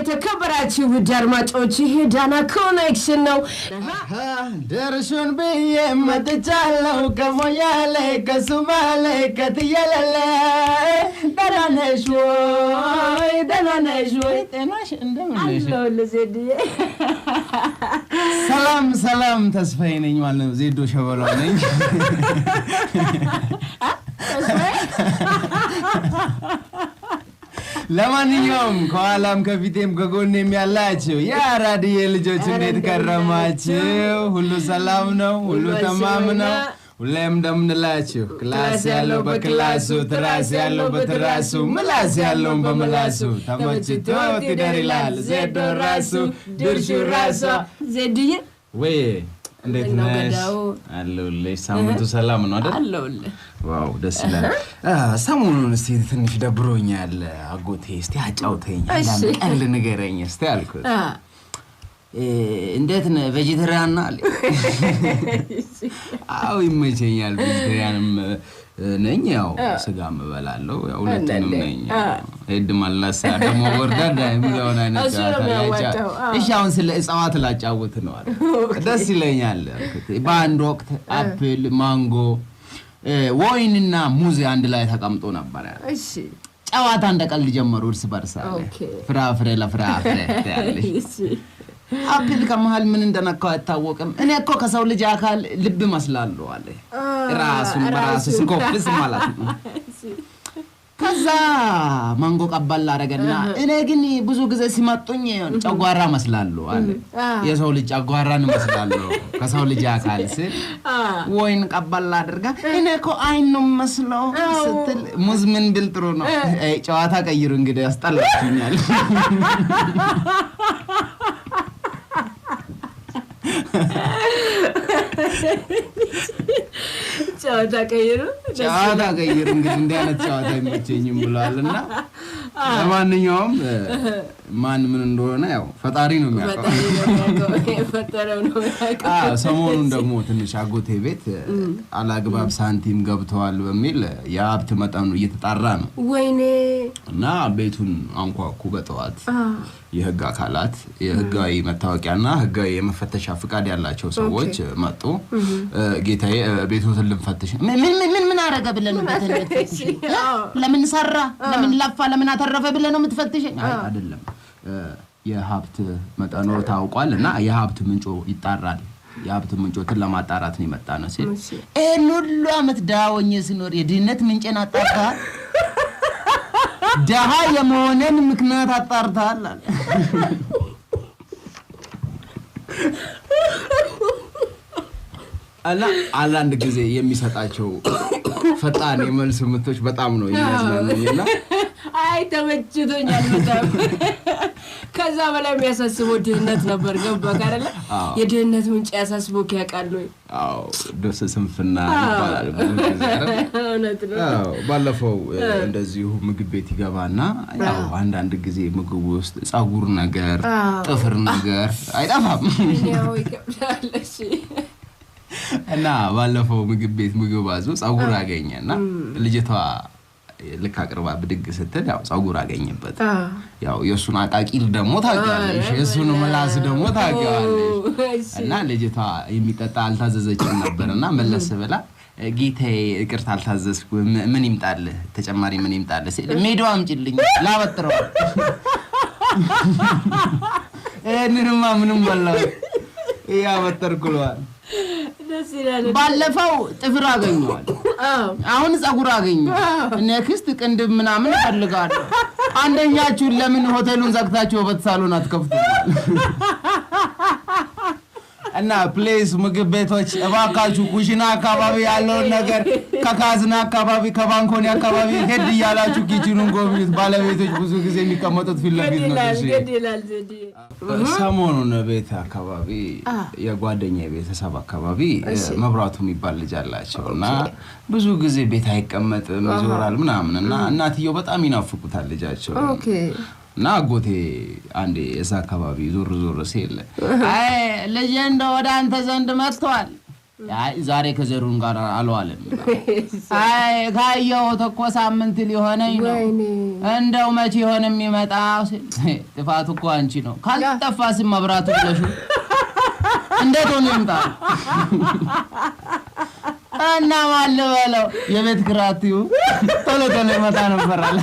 የተከበራችሁ ውድ አድማጮች ይሄ ዳና ኮኔክሽን ነው። ደርሹን ብዬ መጥቻለሁ ከሞያለ ከሱማለ ከትየለለ ደህና ነሽ ወይ? ደህና ነሽ ወይ? ጤናሽ እንደምን ሰላም ሰላም፣ ተስፋዬ ነኝ ማለት ነው። ዜዶ ሸበሏ ነኝ። ለማንኛውም ከኋላም ከፊቴም ከጎኔም ያላችሁ የአራድዬ ልጆች እንዴት ከረማችሁ? ሁሉ ሰላም ነው? ሁሉ ተማም ነው? ሁሌም እንደምንላችሁ ክላስ ያለው በክላሱ ትራስ ያለው በትራሱ ምላስ ያለውን በምላሱ ተመችቶ ትደር ይላል ዜዶ ራሱ ድርሹ ራሷ ዜድዬ ወይ እንዴት ነሽ? አለሁልሽ። ሳምንቱ ሰላም ነው አይደል? አለሁልህ። ዋው ደስ ይላል። ሰሞኑን እስቲ ትንሽ ደብሮኛል አጎቴ፣ እስቲ አጫውተኝ፣ ቀል ንገረኝ እስቲ አልኩት። እንዴት ነህ ቬጀቴሪያን ነህ አለኝ። አዎ ይመቸኛል ቬጀቴሪያንም ነኝ ያው ስጋ ምበላለው ሁለቱንም ነኝ። ሄድማላ ማልነሳ ደግሞ ወርዳዳ የሚለውን አይነት አሁን ስለ እጽዋት ላጫውት ነው አለ ደስ ይለኛል። በአንድ ወቅት አፕል፣ ማንጎ፣ ወይንና ሙዝ አንድ ላይ ተቀምጦ ነበር። እሺ ጨዋታ እንደ ቀልድ ጀመሩ እርስ በርሳ ፍራፍሬ ለፍራፍሬ ያለሽ አፒል ከመሀል ምን እንደነካው አይታወቅም። እኔ እኮ ከሰው ልጅ አካል ልብ መስላሉ አለ ራሱን በራሱ ሲኮፍስ ማለት ነው። ከዛ ማንጎ ቀባል አረገና እኔ ግን ብዙ ጊዜ ሲመጡኝ ጨጓራ መስላሉ አለ። የሰው ልጅ ጨጓራን መስላሉ ከሰው ልጅ አካል ስል ወይን ቀባል አድርጋ እኔ እኮ አይን ነው መስለው ስትል ሙዝ ምን ብል ጥሩ ነው። ጨዋታ ቀይሩ እንግዲህ ያስጠላችኛል። ጨዋታ ቀይሩ ጨዋታ ቀይሩ እንግዲህ እንዲህ አይነት ጨዋታ አይመቸኝም ብለዋል እና ለማንኛውም ማን ምን እንደሆነ ያው ፈጣሪ ነው የሚያውቀው። ሰሞኑን ደግሞ ትንሽ አጎቴ ቤት አላግባብ ሳንቲም ገብተዋል በሚል የሀብት መጠኑ እየተጣራ ነው። ወይኔ! እና ቤቱን አንኳኩ በጠዋት የህግ አካላት የህጋዊ መታወቂያና ህጋዊ የመፈተሻ ፍቃድ ያላቸው ሰዎች መጡ። ጌታዬ ቤቶትን ልንፈትሽ ምን ምን አረገ ብለህ ነው ለምን ሰራ፣ ለምን ለፋ፣ ለምን አተረፈ ብለህ ነው የምትፈትሸኝ? አይደለም የሀብት መጠኖ ታውቋል እና የሀብት ምንጮ ይጣራል። የሀብት ምንጮትን ለማጣራት ነው የመጣ ነው ሲል ይህን ሁሉ አመት ድሃ ሆኜ ስኖር የድህነት ምንጭን አጣርተሃል፣ ድሃ የመሆነን ምክንያት አጣርተሃል አለ። እና አንዳንድ ጊዜ የሚሰጣቸው ፈጣን የመልስ ምቶች በጣም ነው የሚያዝናኑኝ እና አይ ተመችቶኛል በጣም። ከዛ በላይ የሚያሳስበው ድህነት ነበር። ገባ አይደለ? የድህነት ምንጭ ያሳስበው ያውቃሉ። ደስ ስንፍና ይባላል። እውነት ነው። ባለፈው እንደዚሁ ምግብ ቤት ይገባና ያው አንዳንድ ጊዜ ምግብ ውስጥ ጸጉር ነገር፣ ጥፍር ነገር አይጠፋም። ያው እና ባለፈው ምግብ ቤት ምግብ አዞ ጸጉር አገኘ አገኘና ልጅቷ ልክ አቅርባ ብድግ ስትል ያው ጸጉር አገኝበት። ያው የእሱን አቃቂል ደግሞ ታውቂዋለሽ፣ የእሱን ምላስ ደግሞ ታውቂዋለሽ። እና ልጅቷ የሚጠጣ አልታዘዘችም ነበር እና መለስ ብላ ጌታዬ ይቅርታ አልታዘዝኩ፣ ምን ይምጣልህ ተጨማሪ ምን ይምጣልህ ሲል ሜዶ አምጪልኝ ላበጥረዋል። ይህንንማ ምንም በላው እያበጠርኩለዋል። ባለፈው ጥፍር አገኘዋል አሁን ጸጉር አገኙ፣ ኔክስት ቅንድብ ምናምን እፈልጋለሁ። አንደኛችሁን ለምን ሆቴሉን ዘግታችሁ ውበት ሳሎን አትከፍቱ? እና ፕሌስ ምግብ ቤቶች እባካችሁ ኩሽና አካባቢ ያለውን ነገር ከካዝና አካባቢ ከባንኮኒ አካባቢ ሄድ እያላችሁ ኪችኑን ጎብኙት። ባለቤቶች ብዙ ጊዜ የሚቀመጡት ፊት ለፊት ነው። ሰሞኑን ቤት አካባቢ የጓደኛ የቤተሰብ አካባቢ መብራቱ የሚባል ልጅ አላቸው እና ብዙ ጊዜ ቤት አይቀመጥም ይዞራል ምናምን እና እናትየው በጣም ይናፍቁታል ልጃቸው እና አጎቴ አንዴ እዛ አካባቢ ዞር ዞር ሲል አይ ልጄ እንደ ወደ አንተ ዘንድ መጥቷል። ዛሬ ከዘሩን ጋር አልዋለም። አይ ካየሁት እኮ ሳምንት ሊሆነኝ ነው። እንደው መቼ ይሆን የሚመጣ? ጥፋት እኮ አንቺ ነው። ካልጠፋ ካልጠፋስ መብራቱ ብለሹ እንዴት ሆኖ ይምጣ? እና ማን ልበለው? የቤት ክራቲው ቶሎ ቶሎ ይመጣ ነበራል።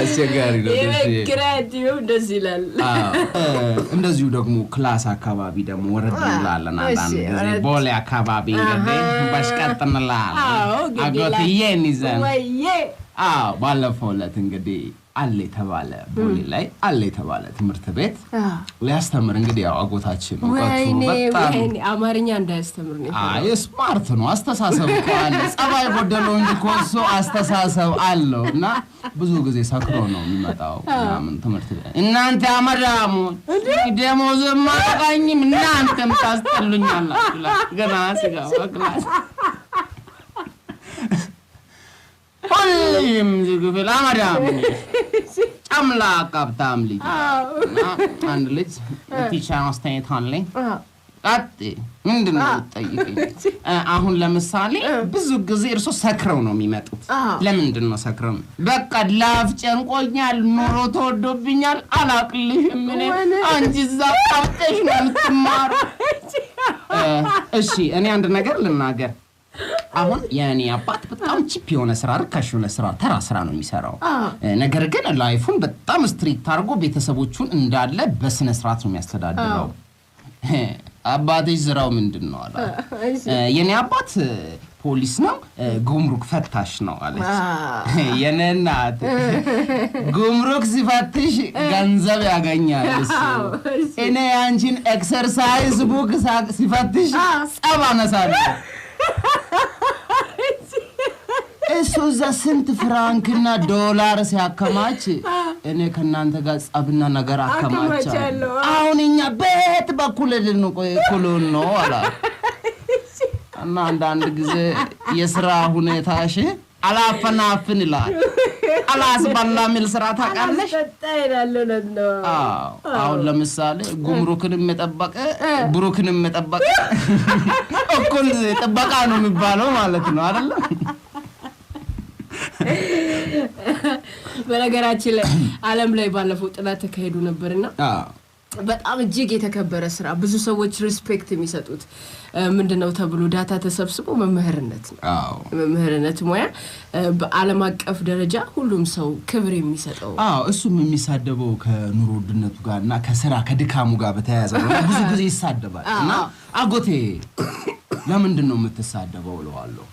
አስቸጋሪ ነው። እንደዚህ ይላል። እንደዚሁ ደግሞ ክላስ አካባቢ ደግሞ ወረድ እንላለን። አንዳንድ ጊዜ ቦሌ አካባቢ እንግዲህ በሽቀጥ እንላለን። አጎትዬን ይዘን አዎ፣ ባለፈው ዕለት እንግዲህ አለ የተባለ ቦሌ ላይ አለ የተባለ ትምህርት ቤት ሊያስተምር እንግዲህ ያው አጎታችን አማርኛ እንዳያስተምር ነው። ስማርት ነው፣ አስተሳሰብ አለ። ጸባይ ጎደለው እንጂ ኮሶ አስተሳሰብ አለው እና ብዙ ጊዜ ሰክሮ ነው የሚመጣው ምናምን ትምህርት ቤት እናንተ አመዳሙን ደሞዝ የማያቃኝም እናንተ ታስጠሉኛላችሁ ገና ሲገባ ክላስ ሁሌም ዝግፍል አዳም ጨምላቅ ሀብታም ልጅ አንድ ልጅ ቲቸር አስተያየት አለኝ። ቀጥ ምንድን ነው የምትጠይቀኝ? አሁን ለምሳሌ ብዙ ጊዜ እርሶ ሰክረው ነው የሚመጡት። ለምንድን ነው ሰክረው? በቃ ላፍ ጨንቆኛል፣ ኑሮ ተወዶብኛል፣ አላቅልሽም። ምን አንቺ እዛ ጣብቀሽ ነው የምትማሩ። እሺ እኔ አንድ ነገር ልናገር አሁን የእኔ አባት በጣም ቺፕ የሆነ ስራ፣ ርካሽ የሆነ ስራ፣ ተራ ስራ ነው የሚሰራው። ነገር ግን ላይፉን በጣም ስትሪክት አድርጎ ቤተሰቦቹን እንዳለ በስነ ስርዓት ነው የሚያስተዳድረው። አባቴ ስራው ምንድን ነው አለ። የእኔ አባት ፖሊስ ነው፣ ጉምሩክ ፈታሽ ነው አለች የእኔ ጉምሩክ ሲፈትሽ ገንዘብ ያገኛል እኔ የአንቺን ኤክሰርሳይዝ ቡክ ሲፈትሽ ጸብ አነሳለሁ እሱ እዛ ስንት ፍራንክና ዶላር ሲያከማች እኔ ከእናንተ ጋር ጸብና ነገር አከማች። አሁን እኛ ቤት በኩል ልንኩሉን ነው አላ እና አንዳንድ ጊዜ የስራ ሁኔታሽ አላፈናፍን ይላል። አላስባላ የሚል ስራ ታውቃለሽ። አሁን ለምሳሌ ጉምሩክንም የጠበቀ ብሩክንም የጠበቀ እኩል ጥበቃ ነው የሚባለው ማለት ነው አይደለም? በነገራችን ላይ ዓለም ላይ ባለፈው ጥናት ተካሄዱ ነበርና በጣም እጅግ የተከበረ ስራ ብዙ ሰዎች ሪስፔክት የሚሰጡት ምንድን ነው ተብሎ ዳታ ተሰብስቦ መምህርነት ነው። መምህርነት ሙያ በዓለም አቀፍ ደረጃ ሁሉም ሰው ክብር የሚሰጠው እሱም የሚሳደበው ከኑሮ ውድነቱ ጋር እና ከስራ ከድካሙ ጋር በተያያዘ ብዙ ጊዜ ይሳደባል እና አጎቴ ለምንድን ነው የምትሳደበው እለዋለሁ።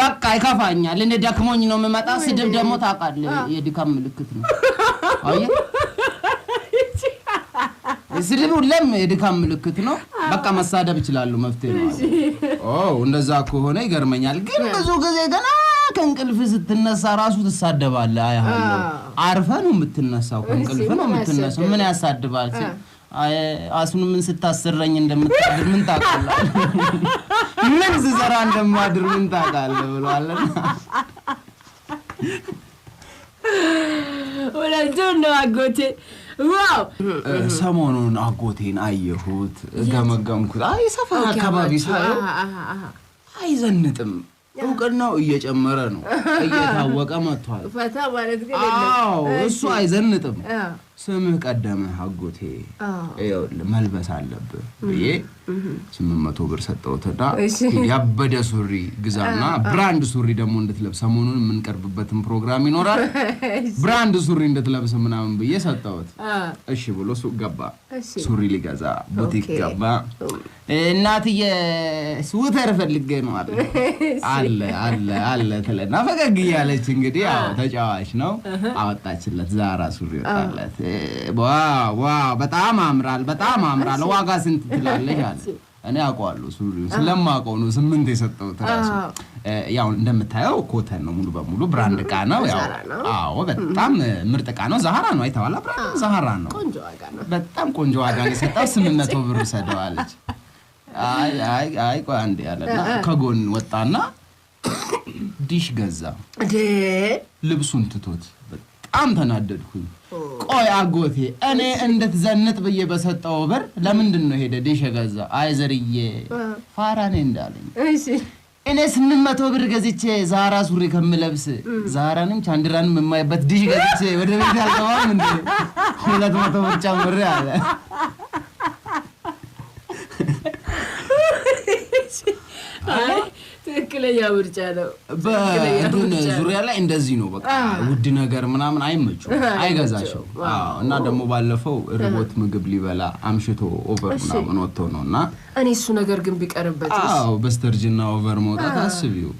በቃ ይከፋኛል፣ እኔ ደክሞኝ ነው የምመጣ። ስድብ ደግሞ ታውቃለህ የድካም ምልክት ነው። ስድብ ሁሌም የድካም ምልክት ነው። በቃ መሳደብ ይችላሉ፣ መፍትሄ ነው። ኦ እንደዛ ከሆነ ይገርመኛል። ግን ብዙ ጊዜ ገና ከእንቅልፍ ስትነሳ ራሱ ትሳደባለህ። አያሃለሁ አርፈ ነው የምትነሳው፣ ከእንቅልፍ ነው የምትነሳው። ምን ያሳድባል? አሱን ምን ስታስረኝ እንደምታድር ምን ታውቃለህ? ምን ስሰራ እንደማድር ምን ታውቃለህ ብሏልና ወላጆ ነው አጎቴ ሰሞኑን አጎቴን አየሁት፣ ገመገምኩት። አይ ሰፈር አካባቢ ሳየው አይዘንጥም። እውቅናው እየጨመረ ነው፣ እየታወቀ መጥቷል። ፈታ ማለት እሱ አይዘንጥም። ስምህ ቀደመ አጎቴ መልበስ አለብህ ብዬ ስምንት መቶ ብር ሰጠሁትና ያበደ ሱሪ ግዛና ብራንድ ሱሪ ደግሞ እንድትለብስ ሰሞኑን የምንቀርብበትን ፕሮግራም ይኖራል፣ ብራንድ ሱሪ እንድትለብስ ምናምን ብዬ ሰጠውት። እሺ ብሎ ሱቅ ገባ፣ ሱሪ ሊገዛ ቡቲክ ገባ። እናትዬ ስውተር ፈልጌ ነው አለ አለ አለ አለ ትለና ፈገግ እያለች እንግዲህ ተጫዋች ነው አወጣችለት። ዛራ ሱሪ ወጣለት። ዋው eh, ዋው፣ በጣም አምራል፣ በጣም አምራል። ዋጋ ስንት ትላለህ አለ። እኔ አውቀዋለሁ ስለማውቀው ነው ስምንት የሰጠሁት። እራሱ eh, ያው እንደምታየው ኮተን ነው ሙሉ በሙሉ ብራንድ ዕቃ ነው። ያው አዎ በጣም ምርጥ ዕቃ ነው። ዛሃራ ነው አይተዋላ፣ ብራንድ ዛሃራ ነው። በጣም ቆንጆ ዋጋ ነው የሰጠው። ስምንት መቶ ብር ሰደዋለች። አይ አይ አይ፣ ቆይ አንዴ አለና ከጎን ወጣና ዲሽ ገዛ ልብሱን ትቶት። በጣም ተናደድኩኝ። ቆይ አጎቴ እኔ እንድትዘንጥ ብዬ በሰጠው ብር ለምንድን ነው ሄደ ዴሽ ገዛ? አይ ዘርዬ ፋራ ነኝ እንዳለኝ እኔ ስምንት መቶ ብር ገዝቼ ዛራ ሱሪ ከምለብስ ዛራንም ቻንድራንም የማይበት ዲሽ ገዝቼ ወደ ቤት ያልገባም እንደ ሁለት መቶ ብር ጨምሬ አለ። አይ ትክክለኛ ምርጫ ነው። በእንትን ዙሪያ ላይ እንደዚህ ነው። በቃ ውድ ነገር ምናምን አይመችው፣ አይገዛቸው እና ደግሞ ባለፈው ርቦት ምግብ ሊበላ አምሽቶ ኦቨር ምናምን ወጥቶ ነው እና እኔ እሱ ነገር ግን ቢቀርበት አዎ፣ በስተርጅና ኦቨር መውጣት አስቢው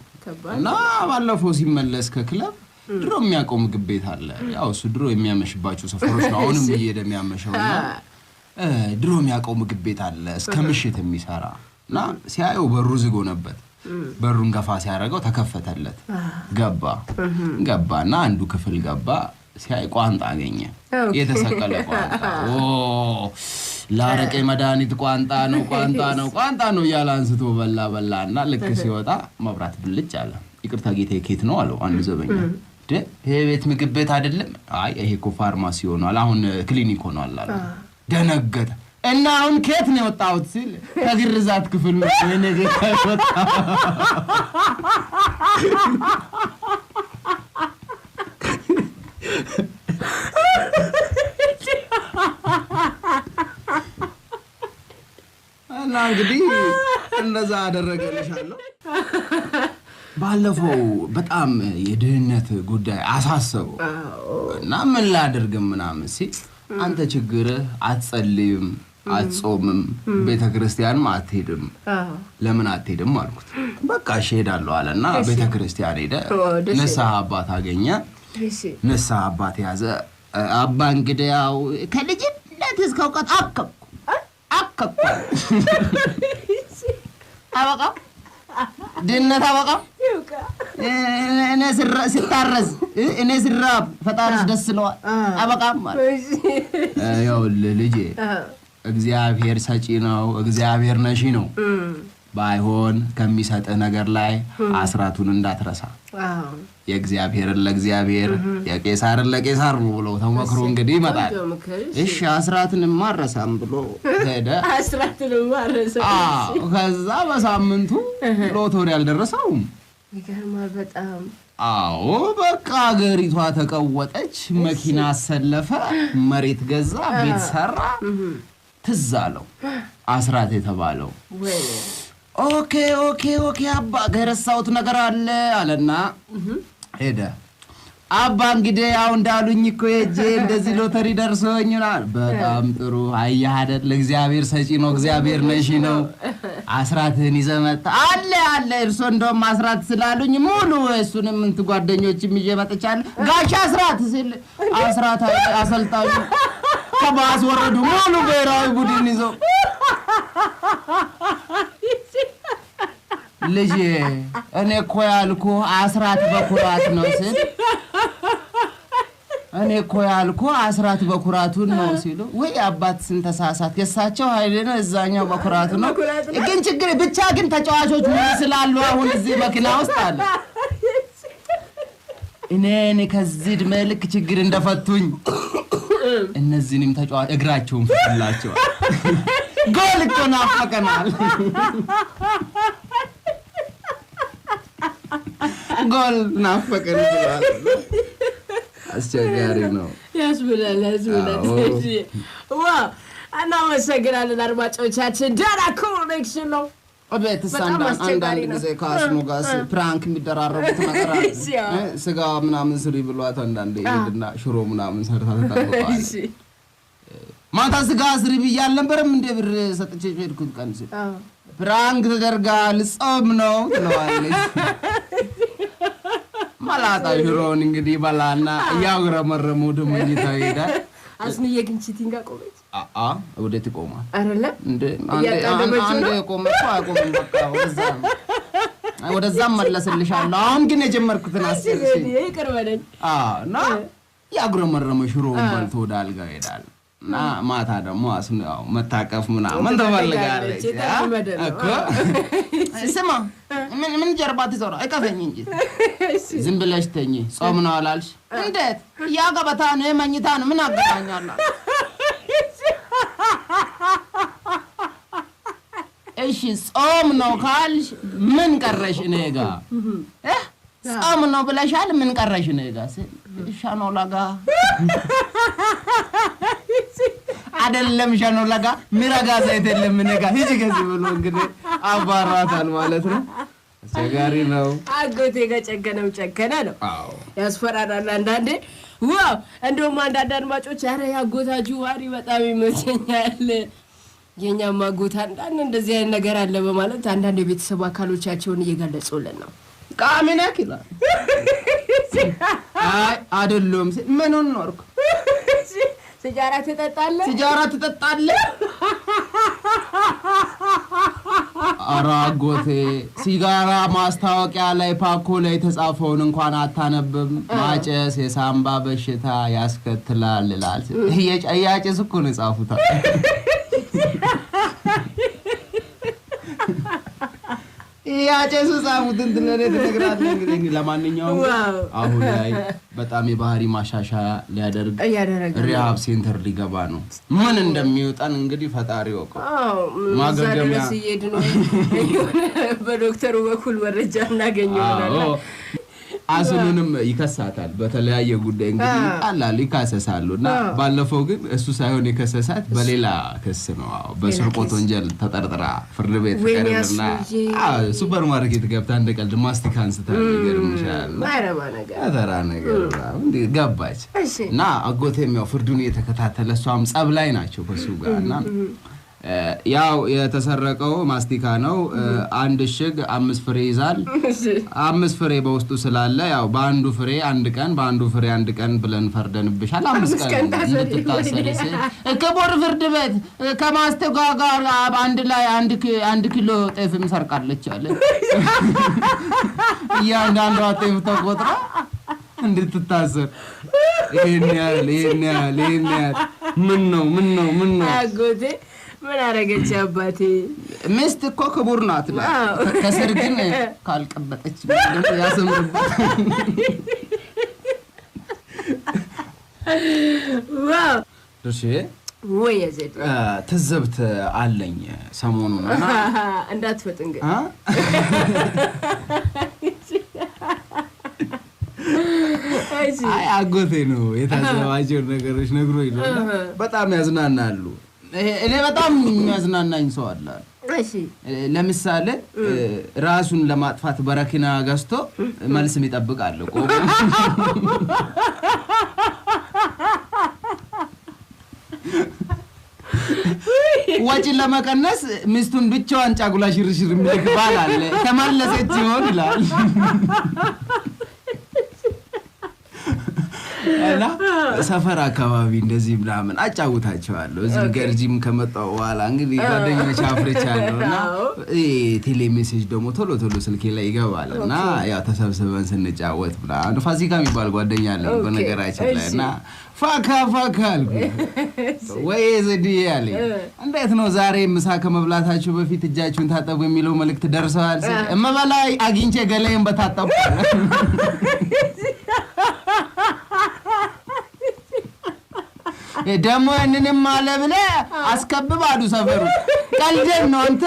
እና ባለፈው ሲመለስ ከክለብ ድሮ የሚያውቀው ምግብ ቤት አለ። ያው እሱ ድሮ የሚያመሽባቸው ሰፈሮች ነው አሁንም እየሄደ የሚያመሸው እና ድሮ የሚያውቀው ምግብ ቤት አለ እስከ ምሽት የሚሰራ እና ሲያየው በሩ ዝግ ሆነበት። በሩን ገፋ ሲያደርገው ተከፈተለት። ገባ ገባ እና አንዱ ክፍል ገባ ሲያይ ቋንጣ አገኘ። የተሰቀለ ቋንጣ ለአረቄ መድኃኒት ቋንጣ ነው ቋንጣ ነው ቋንጣ ነው እያለ አንስቶ በላ በላ እና ልክ ሲወጣ መብራት ብልጭ አለ። ይቅርታ ጌታ ኬት ነው አለው አንድ ዘበኛ። ይሄ ቤት ምግብ ቤት አይደለም። አይ ይሄ እኮ ፋርማሲ ሆኗል፣ አሁን ክሊኒክ ሆኗል አለ። ደነገጠ። እና አሁን ከየት ነው የወጣሁት ሲል ከግርዛት ክፍል ነው ጌታ እና እንግዲህ እንደዛ አደረገልሻለሁ። ባለፈው በጣም የድህነት ጉዳይ አሳሰቡ እና ምን ላድርግ ምናምን ሲል አንተ ችግርህ አትጸልይም አትጾምም፣ ቤተ ክርስቲያንም አትሄድም፣ ለምን አትሄድም አልኩት። በቃ እሺ እሄዳለሁ አለና ቤተ ክርስቲያን ሄደ። ንስሐ አባት አገኘ። ንስሐ አባት ያዘ። አባ እንግዲህ ያው ከልጅነት እስከ እውቀት አከብኩ አከብኩ አበቃ ድህነት አበቃ ስታረዝ እኔ ስራብ ፈጣሪ ደስ ለዋል አበቃም ማለት ያው ልጄ እግዚአብሔር ሰጪ ነው፣ እግዚአብሔር ነሺ ነው። ባይሆን ከሚሰጥህ ነገር ላይ አስራቱን እንዳትረሳ። የእግዚአብሔርን ለእግዚአብሔር የቄሳርን ለቄሳር ነው ብሎ ተሞክሮ እንግዲህ ይመጣል። እሺ አስራትን አረሳም ብሎ ሄደ። ከዛ በሳምንቱ ሎቶሪ አልደረሰውም። ይገርማል በጣም አዎ በቃ አገሪቷ ተቀወጠች። መኪና አሰለፈ፣ መሬት ገዛ፣ ቤት ሰራ። ትዝ አለው አስራት የተባለው። ኦኬ ኦኬ ኦኬ አባ ከረሳሁት ነገር አለ አለና ሄደ። አባ እንግዲህ ያው እንዳሉኝ እኮ ሄጄ እንደዚህ ሎተሪ ደርሶኝ በጣም ጥሩ አየህ አይደል? እግዚአብሔር ሰጪ ነው፣ እግዚአብሔር ነሺ ነው። አስራትህን ይዘህ መጣ አለ አለ። እርሶ እንደውም አስራት ስላሉኝ ሙሉ እሱንም እንትን ጓደኞችም ይዤ መጥቻለሁ። ጋሽ አስራት ሲል አስራት አሰልጣኙ ከማስወረዱ ሙሉ ብሔራዊ ቡድን ይዘው ልጅ እኔ እኮ ያልኩ አስራት በኩራት ነው ስል እኔ እኮ ያልኩ አስራት በኩራቱን ነው ሲሉ ወይ አባት ስንተሳሳት የእሳቸው ኃይሌ ነው እዛኛው በኩራቱ ነው። ግን ችግር ብቻ ግን ተጫዋቾች ምን ስላሉ አሁን እዚህ መኪና ውስጥ አለ እኔን ከዚህ ዕድሜ ልክ ችግር እንደፈቱኝ እነዚህንም ተጫዋች እግራቸውን ፍላቸዋል። ጎል እኮ ናፈቀናል። ጎል ናፈቀን ብሏል። አስቸጋሪ ነው ያስብላል፣ ያስብላል። ዋ እናመሰግናለን አድማጮቻችን። ዳና ኮኔክሽን ነው ቤትስ አንዳንድ ጊዜ ከአስሙ ጋር ፕራንክ የሚደራረቡት ነገር አለ። ስጋ ምናምን ስሪ ብሏት አንዳንዴ ሄድና ሽሮ ምናምን ሰርታ ተጠብቀዋል። ማታ ስጋ ስሪ ብዬ አልነበረም እንደ ብር ሰጥቼ ሄድኩት። ቀን ሲል ፕራንክ ተደርጋ ልጾም ነው ትለዋለች። መላጣ ሽሮውን እንግዲህ በላና እያጉረመረሙ ደግሞ እይታ ይሄዳል። አዝንዬ ግን ቺቲንግ አቆመች። አአ ወዴት ቆማ አይደለ እንዴ? አንዴ ቆመ እኮ አቆመን። በቃ ወደዛ ወደዛ መለስልሻለሁ። አሁን ግን የጀመርኩትን አስር ይቅር በለኝ። አዎ እና ያጉረመረመ ሽሮውን በልቶ ወደ አልጋ ይሄዳል። እና ማታ ደግሞ መታቀፍ ምናምን ትፈልጋለች እኮ። ስማ ምን ጀርባ ትዞራ አይቀፈኝ እንጂ ዝም ብለሽ ተኝ። ጾም ነው አላልሽ? እንዴት ያ ገበታ ነው መኝታ ነው ምን አገናኛላ? እሺ ጾም ነው ካልሽ ምን ቀረሽ እኔ ጋ? ጾም ነው ብለሻል ምን ቀረሽ እኔ ጋ? ሻኖላ ጋ አደለም ሻኖ ለጋ ሚረጋ ዘይት የለም ነጋ ሂጂ ከዚህ ብሎ እንግዲህ አባራታል ማለት ነው። አስቸጋሪ ነው። አጎቴ ጋር ጨገነው ጨገነ ነው ያስፈራራል አንዳንዴ። ዋው እንደውም አንዳንድ አድማጮች ኧረ ያጎታችሁ ዋሪ በጣም ይመቸኛል የእኛም አጎት አንዳንድ እንደዚህ አይነት ነገር አለ በማለት አንዳንድ የቤተሰብ አካሎቻቸውን እየገለጹልን ነው። ቃሚነክ ይላል። አይ አይደለም። ምኑን ኖርኩ ሲጃራ ትጠጣለህ? ሲጃራ ትጠጣለህ? አራጎቴ ሲጋራ ማስታወቂያ ላይ ፓኮ ላይ የተጻፈውን እንኳን አታነብም። ማጨስ የሳምባ በሽታ ያስከትላል ላል እያጨስ እኮ ነው የጻፉታል። እያጨሱ ጻፉት። እንትን ለእኔ ትነግራለህ። እንግዲህ ለማንኛውም አሁን ላይ በጣም የባህሪ ማሻሻያ ሊያደርግ ሪሃብ ሴንተር ሊገባ ነው። ምን እንደሚወጣን እንግዲህ ፈጣሪ ወቀው። ማገገሚያ በዶክተሩ በኩል መረጃ እናገኘ ይሆናል። አስሉንም ይከሳታል። በተለያየ ጉዳይ እንግዲህ ይጣላሉ፣ ይካሰሳሉ እና ባለፈው ግን እሱ ሳይሆን የከሰሳት በሌላ ክስ ነው። በስርቆት ወንጀል ተጠርጥራ ፍርድ ቤት ቀርና ሱፐር ማርኬት ገብታ እንደ ቀልድ ማስቲካ አንስታ ነገር ምሻል ተራ ነገር ገባች እና አጎቴም ያው ፍርዱን እየተከታተለ እሷም ጸብ ላይ ናቸው ከሱ ጋር እና ያው የተሰረቀው ማስቲካ ነው። አንድ እሽግ አምስት ፍሬ ይዛል። አምስት ፍሬ በውስጡ ስላለ ያው በአንዱ ፍሬ አንድ ቀን በአንዱ ፍሬ አንድ ቀን ብለን ፈርደንብሻል። አምስት ቀን እንድትታሰሪ ክቡር ፍርድ ቤት ከማስቲካ ጋር አንድ ላይ አንድ ኪሎ ጤፍም ሰርቃለች አለ። እያንዳንዷ ጤፍ ተቆጥራ እንድትታሰር ይህን ያህል ይህን ያህል ይህን ያህል ምን ነው ምን ነው ምን ነው ምን አረገች አባቴ? ሚስት እኮ ክቡር ናት። ከስር ግን ካልቀበጠች ያሰምርባት። እሺ ወይ የዜድ ትዝብት አለኝ ሰሞኑን እና እንዳትፈጥን ግን አይ አጎቴ ነው የታዘባቸውን ነገሮች ነግሮኝ ነው። በጣም ያዝናናሉ። እኔ በጣም የሚያዝናናኝ ሰው አለ። ለምሳሌ ራሱን ለማጥፋት በረኪና ገዝቶ መልስ ይጠብቃል። ወጪን ለመቀነስ ሚስቱን ብቻዋን ጫጉላ ሽርሽር የሚልክ ባል አለ። ተመለሰች ይሆን ይላል። እና ሰፈር አካባቢ እንደዚህ ምናምን አጫውታቸዋለሁ። እዚህ ገርጂም ከመጣሁ በኋላ እንግዲህ ጓደኞች አፍርቻለሁ እና ቴሌ ሜሴጅ ደግሞ ቶሎ ቶሎ ስልኬ ላይ ይገባል እና ያው ተሰብስበን ስንጫወት ምናምን ፋሲካ የሚባል ጓደኛ አለ በነገራችን ላይ እና ፋካ ፋካ አልኩ ወይ ዘድ ያለ እንዴት ነው ዛሬ ምሳ ከመብላታችሁ በፊት እጃችሁን ታጠቡ የሚለው መልእክት ደርሰዋል። እመበላይ አግኝቼ ገላዬን በታጠቡ ደግሞ ይህንንም አለ ብለ አስከብብ አሉ ሰፈሩ። ቀልደን ነው አንተ።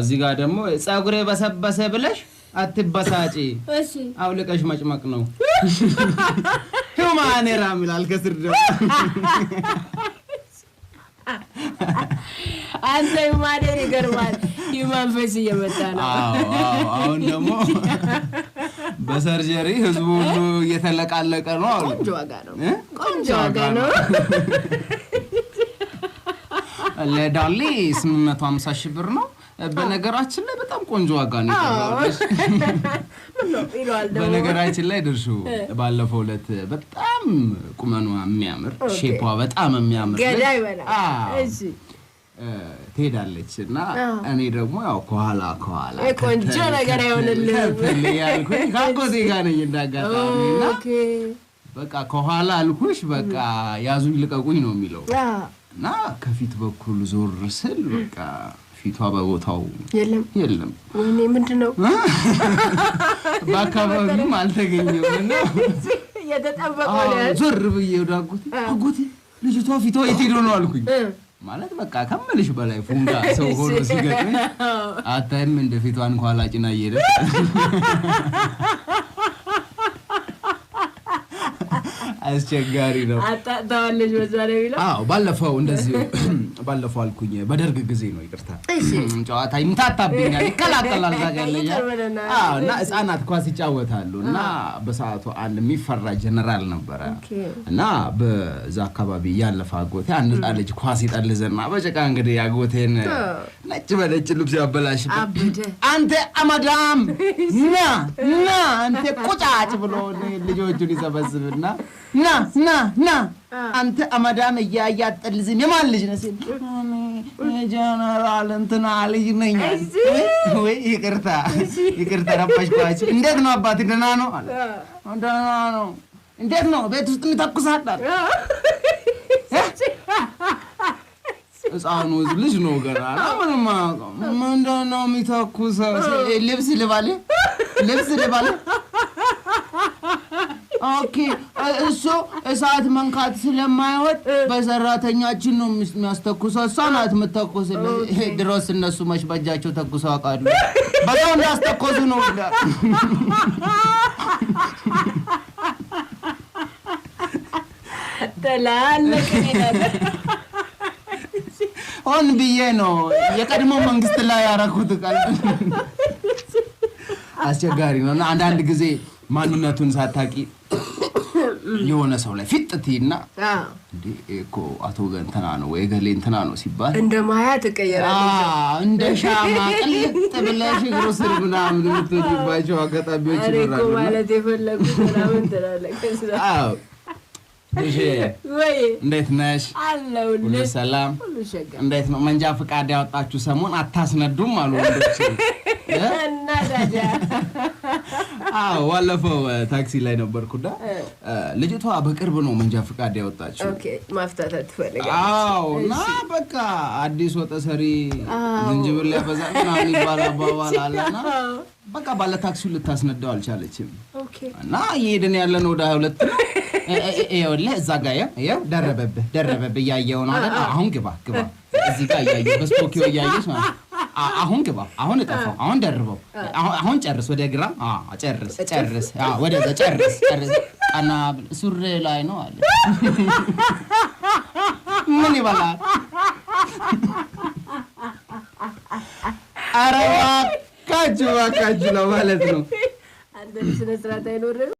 እዚህ ጋር ደግሞ ጸጉሬ በሰበሰ ብለሽ አትበሳጪ፣ አውልቀሽ መጭመቅ ነው። ሁማኔራ ምላል ከስር ደግሞ አንተ ሁማኔር ይገርማል። ይህ እየመጣ ነው። አሁን ደግሞ በሰርጀሪ ህዝቡ ሁሉ እየተለቃለቀ ነው። ቆንጆ ዋጋ ነው። ቆንጆ ዋጋ ነው። ለዳሌ 850 ሺህ ብር ነው። በነገራችን ላይ በጣም ቆንጆ ዋጋ ነው። በነገራችን ላይ ድርሹ ባለፈው ዕለት በጣም ቁመኗ የሚያምር ሼፖ በጣም የሚያምር በላ ትሄዳለች እና እኔ ደግሞ ያው ከኋላ ከኋላ ቆንጆ ነገር አይሆንልም ያልኩኝ ከአጎቴ ጋር ነኝ እንዳጋጣሚ እና በቃ ከኋላ አልኩሽ በቃ ያዙኝ ልቀቁኝ ነው የሚለው እና ከፊት በኩል ዞር ስል በቃ ፊቷ በቦታው የለም የለም። ወይኔ ምንድን ነው? በአካባቢውም አልተገኘም እና ዞር ብዬ ወደ አጎቴ አጎቴ ልጅቷ ፊቷ የት ሄዶ ነው አልኩኝ። ማለት በቃ ከመልሽ በላይ ፉንጋ ሰው ሆኖ ሲገጥም አታይም። እንደ ፊቷን ኋላ ጭና እየሄደች አስቸጋሪ ነው። አጣጣዋለች። በዛ ነው የሚለው። አዎ ባለፈው እንደዚህ ባለፈው አልኩኝ። በደርግ ጊዜ ነው ይቅርታ። ጨዋታ ይምታታብኛል፣ ይከላከላል ዛጋለኛልእና ህፃናት ኳስ ይጫወታሉ እና በሰዓቱ አንድ የሚፈራ ጀነራል ነበረ እና በዛ አካባቢ ያለፈ አጎቴ አንድ ልጅ ኳስ ይጠልዘና በጭቃ እንግዲህ አጎቴን ነጭ በነጭ ልብስ ያበላሽ አንተ አመዳም ና ና አንተ ቁጫጭ ብሎ ልጆቹን ይሰበስብና ና ና ና አንተ አመዳም እያያጠል ዝም የማን ልጅ ነህ? ሲል ጀነራል እንትና ልጅ ነኝ። ወይ ይቅርታ ይቅርታ፣ ረበሽኳችሁ። እንዴት ነው አባት ደህና ነው? አለ ደህና ነው። እንዴት ነው ቤት ውስጥ የሚተኩሳል? አለ ህፃኑ ልጅ ነው ገና ምንም ምንድን ነው የሚተኩሰው? ልብስ ልባል ልብስ ልባል ኦኬ እሱ እሳት መንካት ስለማይወድ በሰራተኛችን ነው የሚያስተኩሰው። እሷ ናት የምተኩስልን። ድሮስ እነሱ መች በእጃቸው ተኩሰው አውቃሉ። በዛው እንዳስተኮሱ ነው ላ ሆን ብዬ ነው የቀድሞ መንግስት ላይ ያረኩት ቃል አስቸጋሪ ነው አንዳንድ ጊዜ ማንነቱን ሳታቂ የሆነ ሰው ላይ ፊጥቲ እና እኮ አቶ ገንትና ነው ወይ ገሌ እንትና ነው ሲባል እንደ ማያ ትቀየራለች። እንደ ሻማ ቅልጥ ብለሽ እግሩ ስር ምናምን የምትወጂባቸው አጋጣሚዎች ማለት የፈለጉ ምናምን ትላለህ ልጄ እንዴት ነሽ? ሁሉ ሰላም? እንዴት ነው? መንጃ ፈቃድ ያወጣችሁ ሰሞን አታስነዱም አሉ ወንዶች። አዎ ባለፈው ታክሲ ላይ ነበርኩና ልጅቷ በቅርብ ነው መንጃ ፈቃድ ያወጣችሁ። ማፍታታት ትፈልጋለች እና በቃ አዲስ ወጠ ሰሪ ዝንጅብል ያበዛል ምናምን ይባል አባባል አለና በቃ ባለ ታክሲውን ልታስነዳው አልቻለችም። እና እየሄድን ነው ወደ ሁለት ይኸውልህ፣ እዛ ጋ ይኸው ደረበብህ፣ ደረበብህ እያየሁ ነው። አሁን ግባ ግባ፣ እዚህ ጋ እያየ በስቶኪዮ እያየች አሁን ግባ፣ አሁን እጠፋው፣ አሁን ደርበው፣ አሁን ጨርስ፣ ወደ ግራ ጨርስ፣ ጨርስ፣ ወደዛ ጨርስ፣ ጨርስ። ቀና ሱሬ ላይ ነው አለ። ምን ይበላል? አረባ ካጅ ካጅ ነው ማለት ነው። አንተ ስነ ስርዓት አይኖርም።